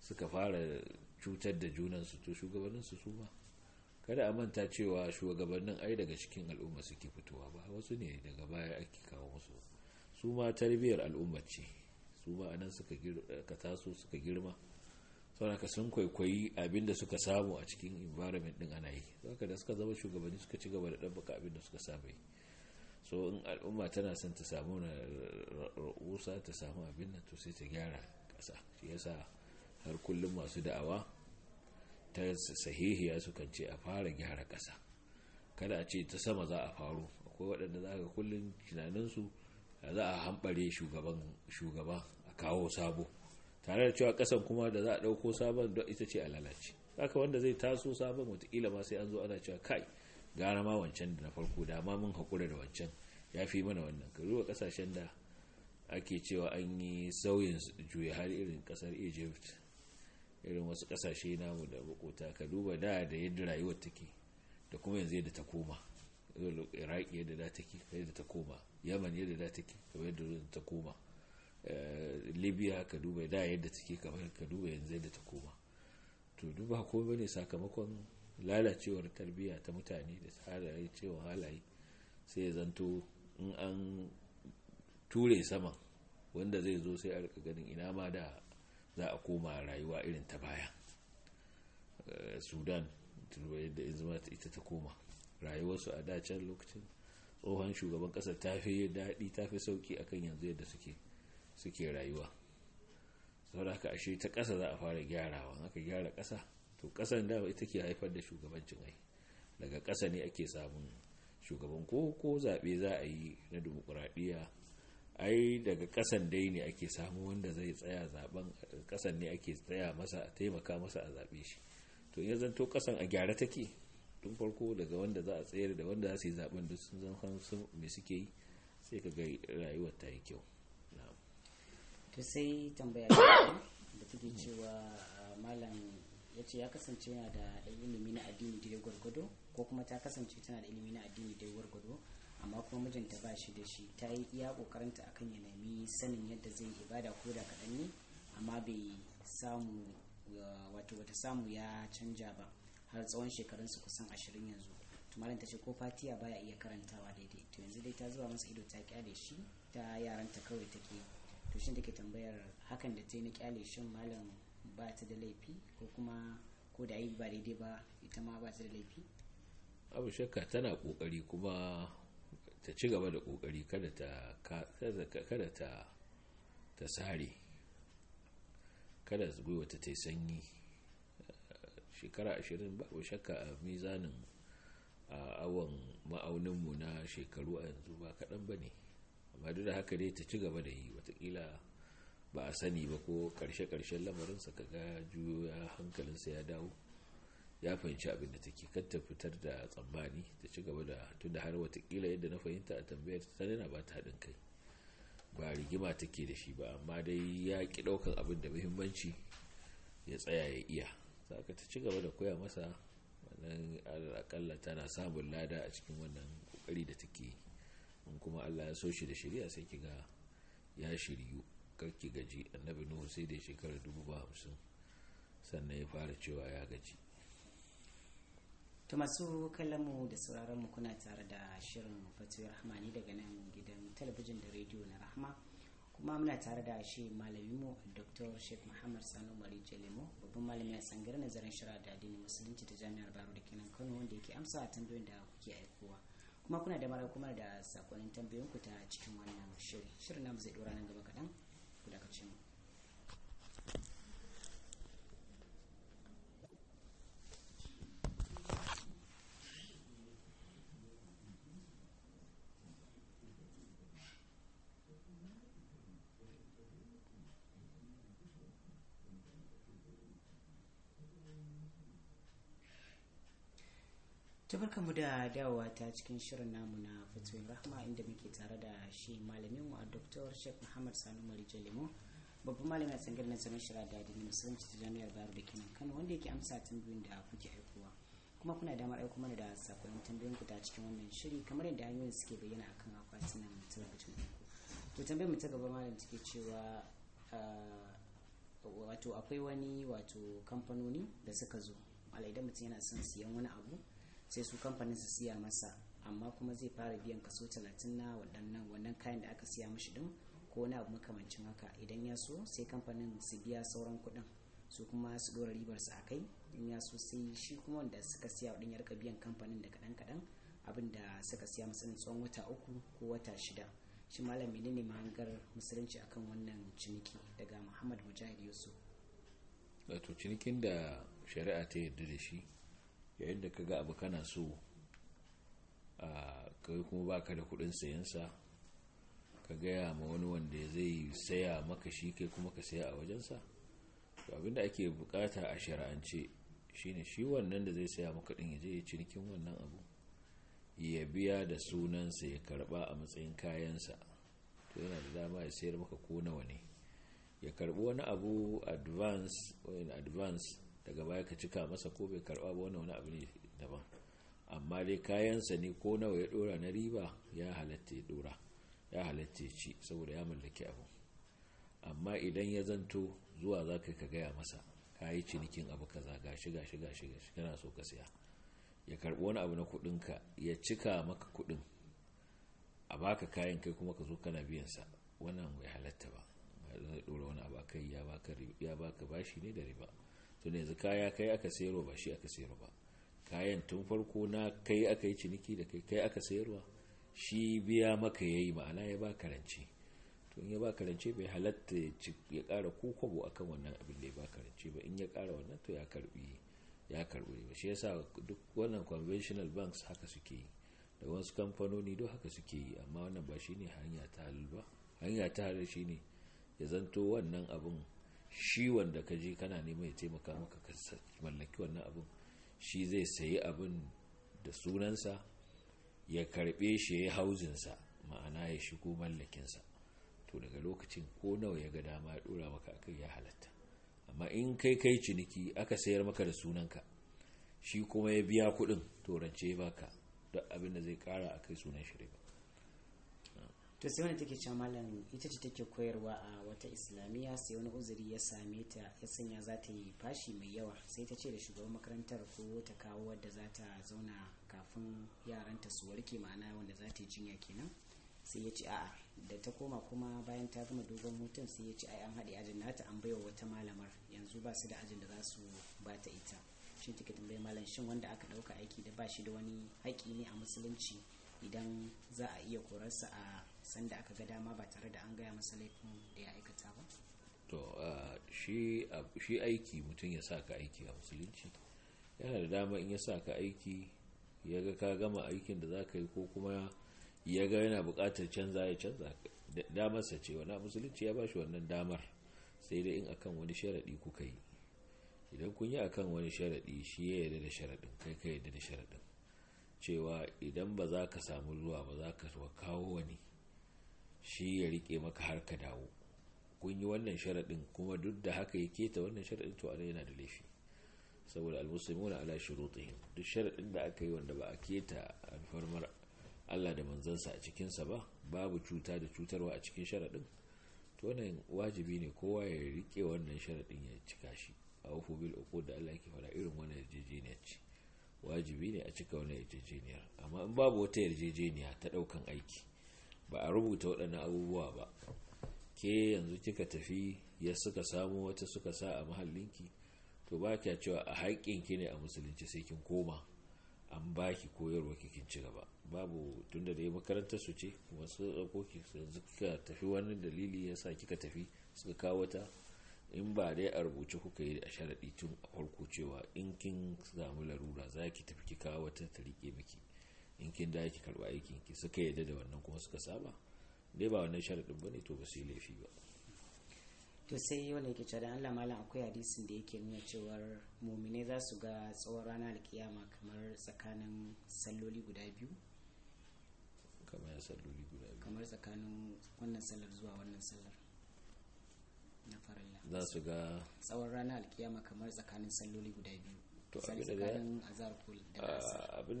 suka fara cutar da junansu to shugabannin su ma kada a manta cewa shugabannin ai daga cikin al'umma suke fitowa ba wasu ne daga baya ake kawo musu su ma tarbiyyar al'umma ce su ma anan suka taso suka girma saboda sun kwaikwayi abin da suka samu a cikin environment din ana yi haka da suka zama shugabanni suka ci gaba da ɗabbaka abin da suka samu yi so in al'umma tana son ta samu na rusa ta samu abin da to sai ta gyara ƙasa shi yasa har kullum masu da'awa ta sahihiya sukan ce a fara gyara ƙasa kada a ce ta sama za a faru akwai waɗanda za ka kullum tunaninsu za a hambare shugaban a kawo sabo tare da cewa kasan kuma da za a dauko sabon don ita ce a lalace haka wanda zai taso sabon watakila ma sai an zo ana cewa kai gara ma wancan da na farko da ma mun haƙura da wancan ya fi mana wannan ka zuwa kasashen da ake cewa an yi sauyin juya har irin kasar egypt irin wasu kasashe namu da makota ka duba da da yadda rayuwar take da kuma yanzu yadda ta koma iraki yadda da take yadda ta koma yaman yadda da take kamar yadda ta koma Eh, libya ka duba da yadda take kamar ka duba yanzu yadda ta koma to duba ko bane sakamakon lalacewar tarbiyya ta mutane da halaye cewa halaye sai ya zanto in an ture sama wanda zai zo sai a rika ganin ina ma da za a koma rayuwa irin ta baya eh, sudan turba yadda izma ita ta koma rayuwarsu a dacen lokacin tsohon shugaban kasar ta fi daɗi ta fi sauki akan yanzu yadda suke suke rayuwa saboda haka ashe ta ƙasa za a fara gyarawa haka gyara ƙasa to ƙasan da ita ke haifar da shugabancin ai daga ƙasa ne ake samun shugaban ko ko zaɓe za a yi na dimokuraɗiyya ai daga ƙasan dai ne ake samu wanda zai tsaya zaben ƙasan ne ake tsaya masa a taimaka masa a zaɓe shi to in zanto ƙasan a gyara take tun farko daga wanda za a tsayar da wanda za su yi zaben duk sun sun me suke yi sai ka ga rayuwar ta yi kyau to sai tambaya da take cewa ah, malam ya ce ya kasance yana da ilimi na addini da gwargwado ko kuma ta kasance tana da ilimi na addini da gwargwado amma kuma mijinta ba shi da shi ta yi iya kokarinta akan ya nemi sanin yadda zai ibada ko da kaɗan ne amma bai samu ah, wato wata samu ya canja ba har tsawon shekarun su kusan ashirin yanzu malam ta ce ko fatiya baya iya karantawa daidai to yanzu dai ta zuwa masa ido ta kyale shi ta yaranta kawai take to shi take tambayar hakan da ta yi na kyale shan malam ba ta da laifi ko kuma ko da yi ba daidai ba ita ma ba ta da laifi abu shakka tana kokari kuma ta ci gaba da kokari kada ta kada ta ta sare kada gwiwa ta tai sanyi shekara ashirin ba shakka a mizanin a awon ma'auninmu na shekaru a yanzu ba kaɗan ba ne amma duk da haka dai ta ci gaba da yi watakila ba a sani ba ko karshe-karshen lamarinsa ka ga juya hankalinsa ya dawo ya fahimci abin da take kan ta fitar da tsammani ta ci gaba da da har watakila yadda na fahimta a tambayar ta nuna ba ta haɗin kai ba rigima take da shi ba amma dai ya ki ɗaukar abin da muhimmanci ya tsaya ya iya saka ta ci gaba da koya masa wannan akalla tana samun lada a cikin wannan ƙoƙari da take yi in kuma Allah ya so shi da shari'a sai ki ga ya shiryu karki gaji annabi nuhu sai da shekara dubu ba hamsin sannan ya fara cewa ya gaji to masu kallonmu da sauraronmu kuna tare da shirin fatuwar rahmani daga nan gidan talabijin da rediyo na rahma kuma muna tare da shi malaminmu dr sheikh muhammad sanu mari lemo babban malami a sangar nazarin shirar da addinin musulunci ta jami'ar baro da kenan kano wanda yake amsa a tambayoyin da kuke aikowa kuma kuna da mara kuma da sakonin tambayoyinku ta cikin wannan shirin shirin namu zai dora nan gaba kaɗan ku dakacin mu tabarka mu da dawowa ta cikin shirin namu na fatoyin rahama inda muke tare da shi malamin mu a doktor sheikh muhammad sanu marijo lemo babban malamin a tsangar nazarin shirar da adini musulunci ta jami'ar bayar da kinan kano wanda yake amsa tambayoyin da kuke aikowa kuma kuna damar aiko mana da sakonin tambayoyin ku ta cikin wannan shiri kamar yadda hanyoyin suke bayyana akan akwatinan talabijin ku to tambayar mu ta gaba malam take cewa ah, wato akwai wani wato kamfanoni da suka zo idan mutum yana son siyan wani abu sai su kamfanin su siya masa amma kuma zai fara biyan kaso talatin na waɗannan wannan kayan da aka siya mashi din ko na abu makamancin haka idan ya so sai kamfanin su biya sauran kuɗin su kuma su dora ribar su a in ya so sai shi kuma wanda suka siya wadin ya rika biyan kamfanin da kaɗan kaɗan abin da suka siya masa tsawon wata uku ko wata shida shi malam ne mahangar musulunci akan wannan ciniki daga muhammad mujahid yusuf wato cinikin da shari'a ta yarda da shi yayin da ka ga abu kana so kai kuma baka da kudin sayansa ka gaya ma wani wanda zai saya maka shi kai kuma ka saya a wajensa abinda ake bukata a shari'ance shine shi wannan da zai saya maka din yaje ya cinikin wannan abu ya biya da sunansa ya karba a matsayin kayansa to yana da dama ya sayar maka ko nawa ne ya karbi wani abu advance advance daga baya ka cika masa ko bai karba ba wannan wani abu ne daban amma dai kayansa ne ko nawa ya dora na riba ya halatta ya dora ya halatta ya ci saboda ya mallaki abu amma idan ya zanto zuwa za ka ka gaya masa ka yi cinikin abu za gashi gashi gashi gashi kana so ka siya ya karbi wani abu na ka ya cika maka kudin a baka kayan kai kuma ka zo kana biyan sa wannan bai halatta ba ya dora wani abu kai ya baka bashi ne da riba tun yanzu kaya kai aka sayarwa ba shi aka sayarwa ba kayan tun farko na kai aka yi ciniki da kai kai aka sayarwa shi biya maka ya yi ma'ana ya ba karanci to in ya ba karance bai halatta ya kara ko a akan wannan abin da ya ba karance ba in ya kara wannan to ya karbi ya karbi ba shi yasa duk wannan conventional banks haka suke yi da wasu kamfanoni duk haka suke yi amma wannan ba shine hanya ta halal ba hanya shine ya zanto wannan abin shi wanda ka je kana neman ya taimaka maka ka mallaki wannan abin shi zai sayi abin da sunansa ya karbe shi ya hauzinsa ma'ana ya shigo mallakinsa to daga lokacin ko nawa ya ga dama ya dora maka kai ya halatta amma in kai kai ciniki aka sayar maka da sunanka shi kuma ya biya kuɗin to rance ya baka duk abin da zai kara kai sunan shi riba to sai wani take cewa malam ita ce take koyarwa a wata islamiyya sai wani uzuri ya same ta ya sanya za ta yi fashi mai yawa sai ta ce da shugaban makarantar ko ta kawo wadda za ta zauna kafin yaranta su warke ma'ana wanda za ta yi jinya kenan sai ya ce a'a da ta koma kuma bayan ta gama dogon hutun sai ya ce ai an haɗe ajin nata an baiwa wata malamar yanzu ba su da ajin da za su ba ta ita shin take tambayi malam shin wanda aka ɗauka aiki da ba shi da wani haƙi ne a musulunci idan za a iya korarsa a sanda aka ga dama ba tare da an gaya masa laifin da ya aikata ba to shi aiki mutum ya sa ka aiki a musulunci yana da dama in ya sa ka aiki ya ga ka gama aikin da za ka yi ko kuma ya ga yana buƙatar canza ya canza damarsa ce wani musulunci ya ba shi wannan damar sai dai in akan wani sharaɗi kuka yi idan kun yi akan wani sharaɗi shi ya yarda da sharaɗin kai ka yarda da sharaɗin cewa idan ba za ka samu zuwa ba za ka kawo wani shi ya rike maka har ka dawo kun yi wannan sharaɗin kuma duk da haka ya keta wannan sharaɗin to ana yana da laifi saboda almuslimuna ala shurutihim duk sharaɗin da aka yi wanda ba a keta alfarmar Allah da manzansa a cikinsa ba babu cuta da cutarwa a cikin sharaɗin to wannan wajibi ne kowa ya rike wannan sharaɗin ya cika shi a wufu bil uku da Allah yake fara irin wannan yarjejeniyar ce wajibi ne a cika wannan yarjejeniyar amma in babu wata yarjejeniya ta ɗaukan aiki ba a rubuta waɗannan abubuwa ba ke yanzu kika tafi ya suka samu wata suka sa a mahallinki to ba kya cewa a haƙƙinki ne a musulunci sai kin koma an ba ki koyarwa kikin ci gaba babu tunda da ya makarantar su ce kuma su ɗauko ki yanzu kika tafi wani dalili ya sa kika tafi suka kawo wata in ba dai a rubuce kuka yi a sharaɗi tun a farko cewa in kin samu larura za ki tafi ki kawo wata ta riƙe miki in kin da ki karba aikin ki suka yadda da wannan kuma suka saba dai ba wannan sharadin bane to ba su yi laifi ba to sai wanda yake cewa dan Allah malam akwai hadisin da yake nuna cewa mumine za su ga tsawon rana alkiyama kamar tsakanin salloli guda biyu kamar salloli guda biyu kamar tsakanin wannan sallar zuwa wannan sallar na farilla za su ga tsawon rana alkiyama kamar tsakanin salloli guda biyu to abinda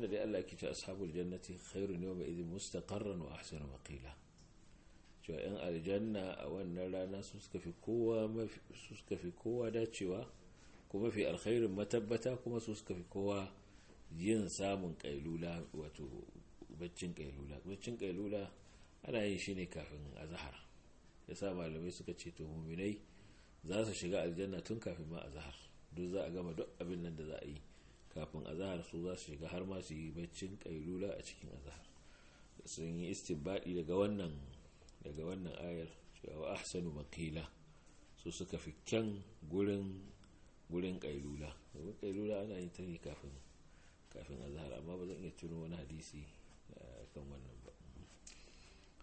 ah, dai Allah ke ce ashabul jannati khairun yawma idin mustaqarran wa ahsanu maqila cewa yan aljanna a wannan rana su suka fi kowa su suka fi kowa dacewa kuma fi alkhairin matabbata kuma su suka fi kowa yin samun kailula wato baccin kailula baccin kailula ana yin shi ne kafin azhar yasa malamai suka ce to muminai za su shiga aljanna tun kafin ma azhar duk za a gama duk abin nan da za a yi kafin azahar su za su shiga har ma su yi baccin kailula a cikin azahar sun yi istibadi daga wannan daga wannan ayar cewa ahsanu makila su suka fi kyan gurin gurin kailula domin kailula ana yin ta ne kafin kafin azahar amma ba zan iya tuno wani hadisi eh, kan wannan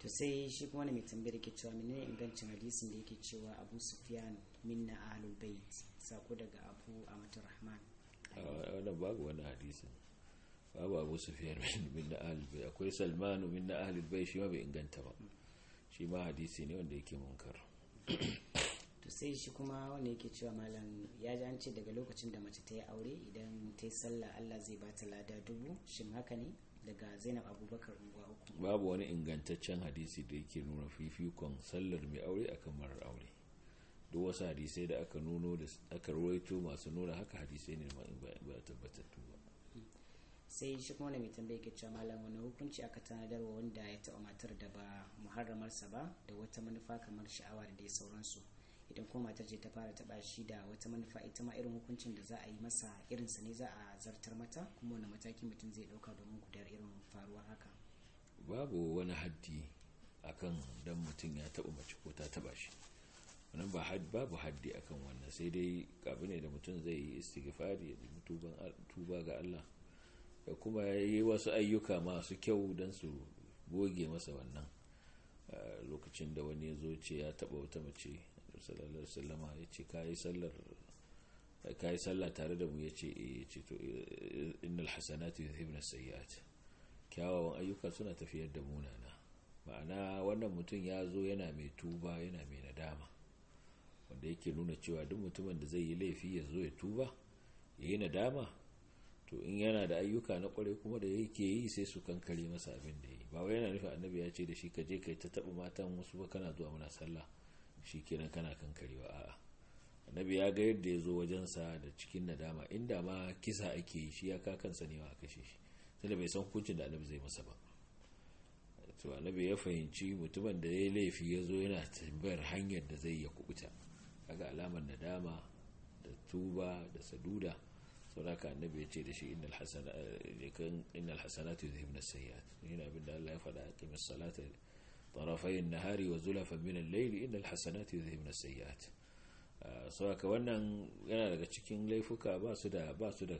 to sai shi kuma wani mai tambayar ke cewa ne ingancin hadisin da yake cewa abu sufyan minna ahlul bait sako daga abu amatur rahman wannan babu wani hadisin babu abu sufyan minna ahlul bait akwai salmanu minna ahlul bait shi ma bai inganta ba shi ma hadisi ne wanda yake munkar to sai shi kuma wani yake cewa malam ya ji an ce daga lokacin da mace ta yi aure idan ta yi sallah Allah zai ba ta lada dubu shin haka ne daga zainab abubakar unguwa uku babu wani ingantaccen hadisi da yake nuna fifikon sallar mai aure kan marar aure duk wasu hadisai da aka nuno da aka ruwaito masu nuna haka hadisai ne ma ba tabbatattu ba sai shi kuma mai tambaya ke cewa malam wani hukunci aka tanadar wa wanda ya taɓa matar da ba muharramarsa ba da wata manufa kamar sha'awa da dai sauransu idan ko matar ce ta fara taɓa shi da wata manufa ita ma irin hukuncin da za a yi masa irinsa ne za a zartar mata kuma wani mataki mutum zai ɗauka domin gudar irin faruwar haka babu wani haddi akan dan mutum ya taɓa mace ko ta taɓa shi wannan ba babu haddi akan wannan sai dai abu ne da mutum zai yi istighfari ya tuban tuba ga Allah da kuma yi wasu ayyuka masu kyau don su goge masa wannan eh, lokacin da wani ya zo ce ya taɓa wata mace sallallahu alaihi wasallama ya ce kayi sallar kayi sallah tare da mu ya ce eh ya ce to innal hasanatu yuzhibna sayyi'at kyawawan ayyuka suna tafiyar da munana ma'ana wannan mutum ya zo yana mai tuba yana mai nadama wanda yake nuna cewa duk mutumin da zai yi laifi ya zo ya tuba ya yi nadama to in yana da ayyuka na kwarai kuma da yake yi sai su kankare masa abin da yi ba wai yana nufin annabi ya ce da shi ka je ka yi ta taɓa matan wasu ba kana zuwa muna sallah shi kenan kana kankarewa a'a annabi ya ga yadda ya zo wajensa da cikin nadama inda ma kisa ake yi shi ya ka kansa ne a kashe shi tunda bai san hukuncin da annabi zai masa ba to annabi ya fahimci mutumin da ya laifi ya zo yana tambayar hanyar da zai ya kubuta kaga alamar nadama da tuba da saduda sauraka annabi ya ce da shi innal hasanatu eh, yuzhibna sayyi'at yana abin da Allah ya faɗa a salata طرفي النهار wa zulafa الليل al الحسنات يذهبن السيئات yudhhibun as-sayyi'at saboda wannan yana daga cikin laifuka ba su da ba su da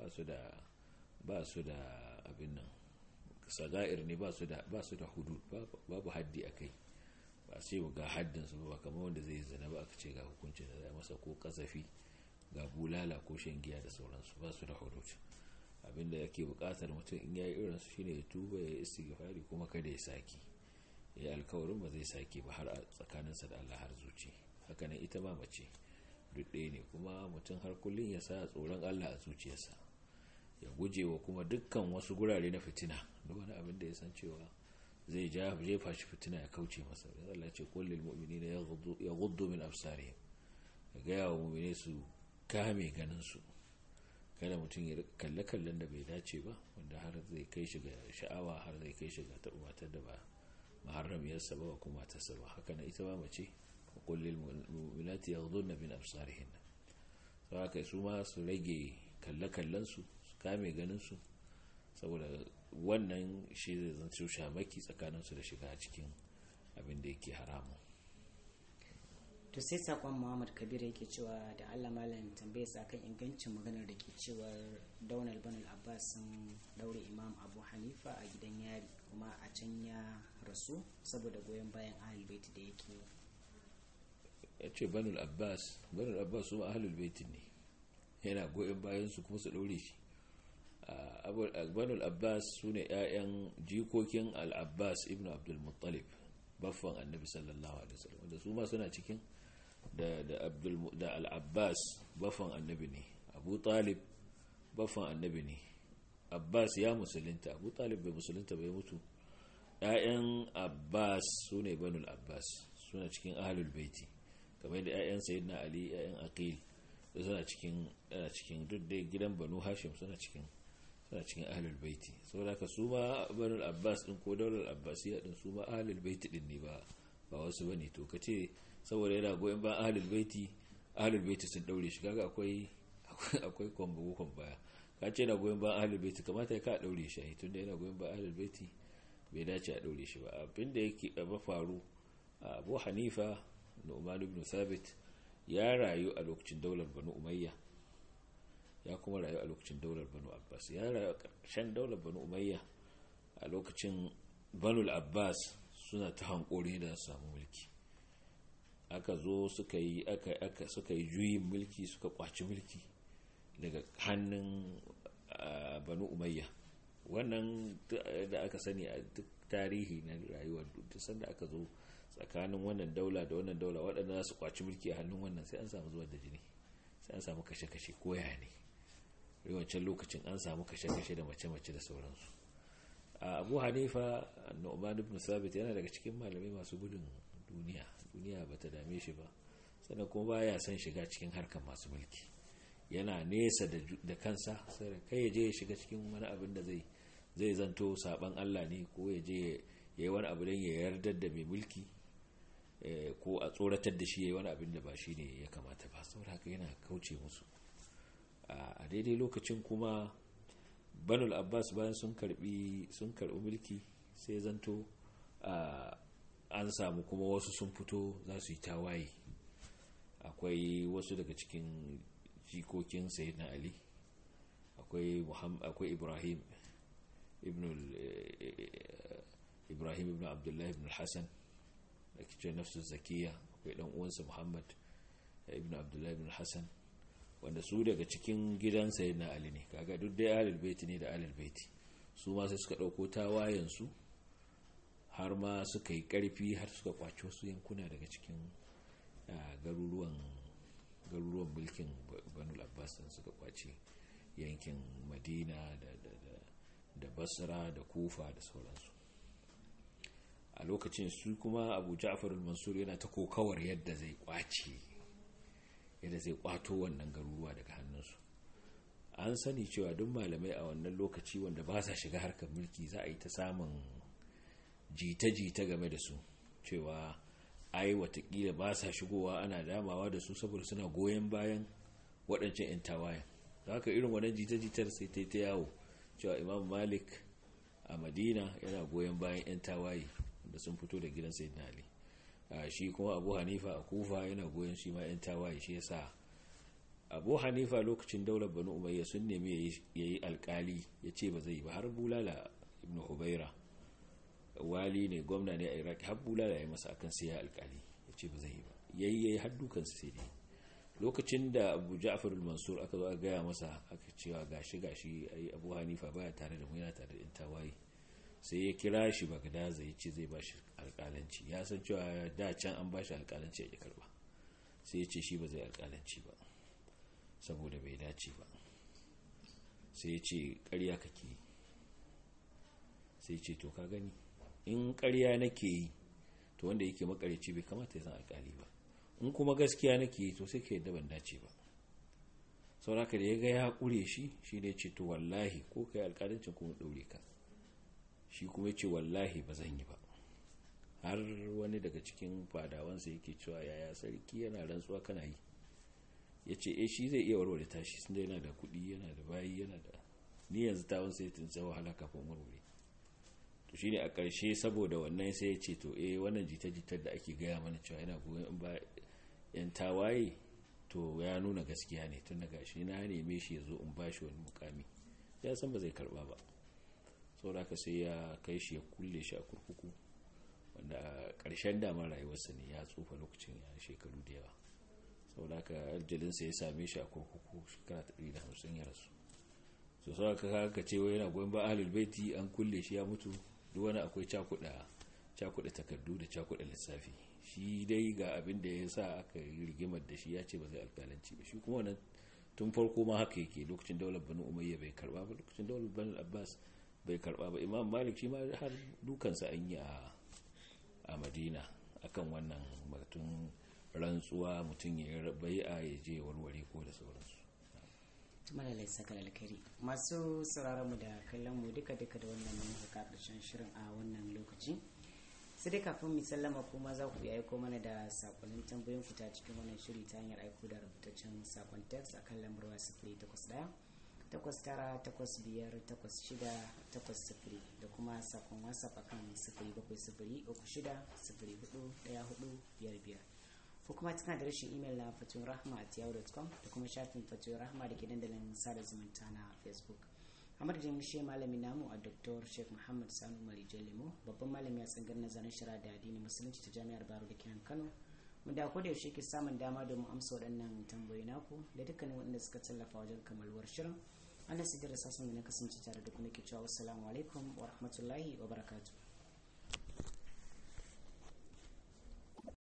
ba su da ba su da abin nan sagair ne ba su da ba su da hudud babu haddi a kai ba sai ga haddin su ba kamar wanda zai zina ba aka ce ga hukuncin da zai masa ko kasafi ga bulala ko shan giya da sauransu ba su da hudud abinda yake bukatar mutum in yayi irin su shine ya tuba ya istighfari kuma kada ya saki ya alkawarin ba zai sake ba har a tsakaninsa da Allah har zuci haka hakanan ita ma mace duk ɗaya ne kuma mutum har kullum ya sa tsoron Allah a zuciyarsa ya guje wa kuma dukkan wasu gurare na fitina duk wani abin da ya san cewa zai jefa shi fitina ya kauce masa ya Allah ce kullul mu'minina yaghuddu min absarihim ga gaya wa mu'mine su kame ganin su kada mutum ya kalle kallon da bai dace ba wanda har zai kai shi ga sha'awa har zai kai shi ga taɓa matar da ba muharramiyarsa ba kuma ta ba haka na ita ba mace kullil mu'minati yaghdunna min absarihinna to haka su ma su rage kalle kallan su su kame ganin su saboda wannan shi zai zanto shamaki tsakanin su da shiga cikin abin da yake haramun to sai sakon muhammad kabir yake cewa da allah malam tambaye kan ingancin maganar da ke cewar daunar banal abbas sun daure imam abu hanifa a gidan yari kuma a can ya rasu saboda goyon bayan ahlul baiti da yake ya ce banul abbas banul abbas su ahlul baiti ne yana goyon bayan su kuma su daure shi banul abbas su ne 'ya'yan jikokin al-abbas ibn abdul muttalib baffan annabi sallallahu alaihi wasallam da su ma suna cikin da al'abbas bafan annabi ne abu talib bafan annabi ne abbas ya musulunta abu talib bai musulunta bai mutu ‘ya'yan abbas su ne banul abbas suna cikin ahalul baiti kamar da ‘ya'yan sayidina ali ‘ya'yan akil suna cikin duk da gidan banu hashim suna cikin suna cikin ahalul baiti saboda ka su ma banul abbas din ko daular abbasiya din su ma ahalul baiti din ne ba ba wasu bane to ka ce. saboda yana goyon ba ahlul baiti ahlul baiti sun daure shi kaga akwai akwai kwambugu baya ka ce yana goyon ba ahlul baiti kamata ka daure shi tunda yana goyon ba ahlul baiti bai dace a daure shi ba abinda yake ba faru Abu Hanifa Nu'man ibn Sabit ya rayu a lokacin daular Banu Umayya ya kuma rayu a lokacin daular Banu Abbas ya rayu a ƙarshen daular Banu Umayya a lokacin Banu Abbas suna ta hankori da samu mulki aka zo suka yi aka aka suka yi juyin mulki suka kwaci mulki daga hannun banu umayya wannan da aka sani a duk tarihi na rayuwar duk sanda aka zo tsakanin wannan daula da wannan daula waɗanda za su kwaci mulki a hannun wannan sai an samu zuwa da jini sai an samu kashe-kashe koya ne yawancin lokacin an samu kashe-kashe da mace-mace da sauransu abu hanifa nu'man ibn sabit yana daga cikin malamai masu gudun duniya duniya ba ta dame shi ba sannan kuma ba ya son shiga cikin harkar masu mulki yana nesa da kansa sai kai ya je ya shiga cikin wani abin da zai zai zanto saban Allah ne ko ya je ya yi wani abu don ya yarda da mai mulki eh, ko a tsoratar da shi ya yi wani abin da ba shi ne ya kamata ba saboda haka yana kauce musu a daidai lokacin kuma banul abbas bayan sun karbi sun karbi mulki sai zanto an samu kuma wasu sun fito za su yi tawaye akwai wasu daga cikin jikokin sayyidina ali akwai akwai ibrahim ibn eh, eh, eh, ibrahim ibn abdullah ibn hassan da ke nafsu zakiya akwai dan uwansa muhammad ibn abdullah ibn hassan wanda su daga cikin gidan sayyidina ali ne kaga duk dai alil baiti ne da alil baiti su ma sai suka dauko tawayen su har ma suka yi karfi har suka kwaci wasu yankuna daga cikin garuruwan garuruwan mulkin banu abbas din suka kwace yankin madina da basra da kufa da sauransu a lokacin su kuma abu ja'far mansur yana ta kokawar yadda zai kwace yadda zai kwato wannan garuruwa daga hannunsu an sani cewa duk malamai a wannan lokaci wanda ba sa shiga harkar mulki za a yi ta samun jita-jita game da su cewa ai watakila ba sa shigowa ana damawa da su saboda suna goyon bayan waɗancan 'yan tawayen da haka irin wannan jita-jitar sai ta ta yawo cewa imam malik a madina yana goyon bayan 'yan tawaye da sun fito da gidan sayyid ali shi kuma abu hanifa a kufa yana goyon shi ma 'yan tawaye shi yasa abu hanifa lokacin daular banu umayya sun nemi ya yi alkali ya ce ba zai ba har bulala ibn hubaira wali ne gwamna ne a iraq har da ya masa akan sai ya alkali ya ce ba zai yi ba yayi yayi har dukan sai dai lokacin da abu ja'far mansur aka zo a gaya masa aka cewa gashi gashi ai abu hanifa baya tare da mu yana tare da intawaye sai ya kira shi bagdaza ya ce zai ba shi alkalanci ya san cewa da can an ba shi a jikar karba sai ya ce shi ba zai alkalanci ba saboda bai dace ba sai ya ce karya kake sai ce to ka gani in ƙarya nake yi to wanda yake makarici bai kamata ya zan alƙali ba in kuma gaskiya nake yi to sai ka yadda ban dace ba sauraka da ya ga ya ƙure shi shi ne ce to wallahi ko ka yi alƙalancin kuma daure ka shi kuma ce wallahi ba zan yi ba har wani daga cikin fadawansa yake cewa yaya sarki yana rantsuwa kana yi ya ce eh shi zai iya warware tashi sun yana da kuɗi yana da bayi yana da ni yanzu ta wansa ya tunce wahala kafin warware to shine a ƙarshe saboda wannan sai ya ce to e wannan jita-jitar da ake gaya mana cewa yana goyon ba yan tawaye to ya nuna gaskiya ne tun daga shi na neme shi ya zo in ba shi wani mukami ya san ba zai karba ba saboda sai ya kai shi ya kulle shi a kurkuku wanda ƙarshen damar rayuwarsa ne ya tsufa lokacin ya shekaru da yawa saboda haka aljalinsa ya same shi a kurkuku shekara ta da hamsin ya rasu sosai sau ka ce wai yana goyon ba ahalul baiti an kulle shi ya mutu duk wani akwai cakuɗa cakuɗa takardu da cakuɗa lissafi shi dai ga abin da ya sa aka yi rigimar da shi ya ce ba zai alƙalanci ba shi kuma wannan tun farko ma haka yake lokacin daular banu umayya bai karba ba lokacin daular banu abbas bai karba ba imam malik shi ma har dukansa an yi a madina akan wannan batun rantsuwa mutum ya yi bai'a ya je warware ko da sauransu tumalala saka masu sauraron mu da kallon mu duka duka da wannan muka karshen shirin a wannan lokaci sai dai kafin mu sallama kuma za ku yi aiko mana da sakonnin tambayoyin ku ta cikin wannan shiri ta hanyar aiko da rubutaccen sakon text akan lambar waya sifiri takwas ɗaya takwas tara takwas biyar takwas shida takwas sifiri da kuma sakon whatsapp akan sifiri bakwai sifiri uku shida sifiri hudu ɗaya hudu biyar biyar ko kuma cikin adireshin imel na fatuwar a da kuma shafin fatuwar da ke dandalin sada zumunta na facebook a madadin shi malami namu a dr sheikh muhammad sanu marijo lemo babban malami a tsangar nazarin shara da addinin musulunci ta jami'ar baro da kano mu da da yaushe ke samun dama domin amsa waɗannan tambayoyi naku da dukkanin waɗanda suka tallafa wajen kammaluwar shirin allah su da sassan da na kasance tare da kuma ke cewa wasu alaikum wa rahmatullahi wa barakatu.